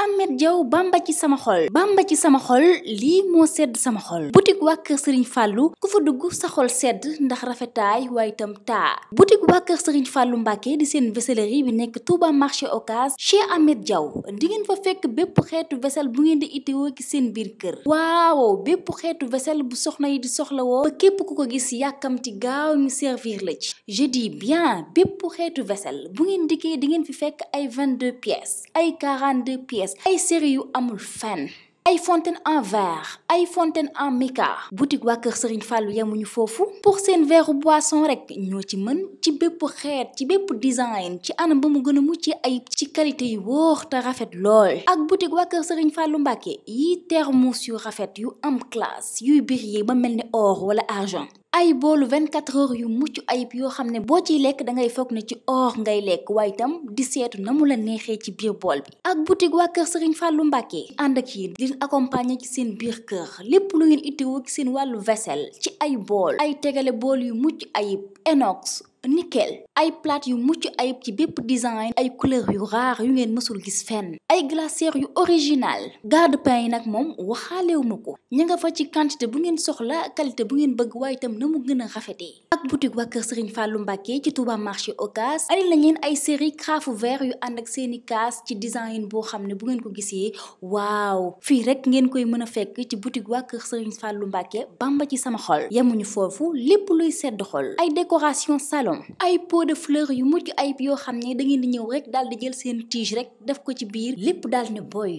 Ahmed Diaw bàmba ci sama xol bàmba ci sama xol lii moo sedd sama xol boutique waa kër Serigne fàllu ku fa dugg sa xol sedd ndax rafetaay waaye itam taa boutique waa kër Serigne Fallou Mbacke di seen vaisselerie bi nekk Touba marché Ocass chez Ahmed jaw di ngeen fa fekk bépp xeetu vaisselle bu di itteewoo ci seen biir kër waaw bépp xeetu vaisselle bu soxna yi di soxlawoo ba képp ku ko gis yàkkamti gaaw ñu servir la ci je dis bien bépp xeetu vaisselle bu ngeen dikkee di ngeen fi fekk ay 22 pièces ay 42 pièces bees ay série yu amul fenn ay fontaine en verre ay fontaine en mica boutique waa kër Serigne Fallou ñu foofu pour seen verre boisson rek ñoo ci mën ci bépp xeet ci bépp design ci anam ba mu gën a mucc ay ci qualité yu wóor te rafet lool ak boutique waa kër Serigne Fallou Mbacke yi thermos yu rafet yu am classe yuy briller ba mel ni or wala argent. ay boolu vingt 24 heures yu mucc ayib yoo xam ne boo ciy lekk da ngay foog ne ci or ngay lekk waaye itam di seetu na mu la neexee ci biir bool bi ak boutique waa kër Serigne Fallou Mbacké ànd ak yéen di accompagner ci seen biir kër lépp lu ngeen ittewoo ci seen wàllu vaisselle ci ay bool ay tegale bool yu mucc ayib inox nickel ay plate yu mucc ayib ci bépp design ay couleur yu rare yu ngeen mësul gis fenn ay glacière yu original garde-pain yi nag moom waxaalewu ma ko ña nga fa ci quantité bu ngeen soxla qualité bu ngeen bëgg waaye itam na mu gën a rafetee ak boutique waa kër Serigne Fallou Mbacké ci Touba marché Ocass ani la ngeen ay série crafu vert yu ànd ak seeni kaas ci design boo xam ne bu ngeen ko gisee waaw fii rek ngeen koy mën a fekk ci boutique waa kër Serigne Fallou Mbacké bamba ci sama xol yemuñu foofu lépp luy sedd xol borom ay pot de fleurs yu mucc ayib yoo xam ni da ngeen di ñëw rek daal di jël seen tige rek def ko ci biir lépp daal ne boy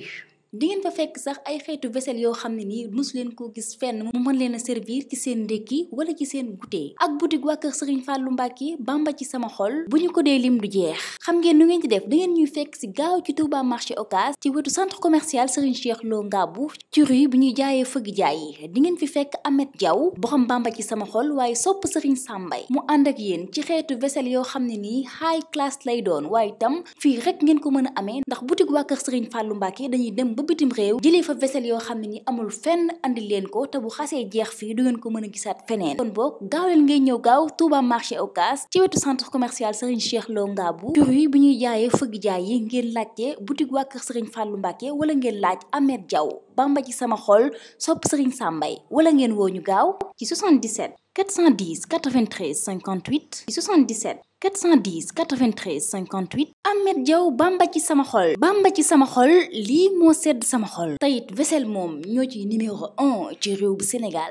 di ngeen fa fekk sax ay xeetu vaisselle yoo xam ne nii mosu leen koo gis fenn mu mën leen a servir ci seen ndékki wala ci seen goûter ak boutique waa kër Serigne Fallou Mbacké Bamba ci sama xol bu ñu ko dee lim du jeex xam ngeen nu ngeen di def da ngeen ñuy fekk si gaaw ci Touba marché Ocass ci wetu centre commercial Serigne Cheikh Lo Ngabou ci rue bi ñuy jaayee fëgg jaay yi di ngeen fi fekk Amet Diaw borom Bamba ci sama xol waaye sopp Serigne sàmbay mu ànd ak yéen ci xeetu vaisselle yoo xam ne nii high class lay doon waaye itam fii rek ngeen ko mën a amee ndax boutique waa kër Serigne Fallou Mbacké dañuy dem ba bitim réew jëlee fa vaisselle yoo xam ne ni amul fenn andi leen ko te bu xasee jeex fii du ngeen ko mën a gisaat feneen kon boog gaaw leen ngay ñëw gaaw Touba marché Ocass ci wetu centre commercial Serigne Cheikh Lo Ngabou jur yi bu ñuy jaayee fëgg jaay yi ngeen laajte boutique waa kër Serigne Fallou Mbacké wala ngeen laaj Ahmed Diaw ba ci sama xol sopp Serigne Sambay wala ngeen woo ñu gaaw ci 77 410 93 58 77 410 93 58 Ahmed Diaw bamba ci sama xol bamba ci sama xol lii moo sedd sama xol teyit Wesel moom ñoo ci numéro 1 ci réew bu Sénégal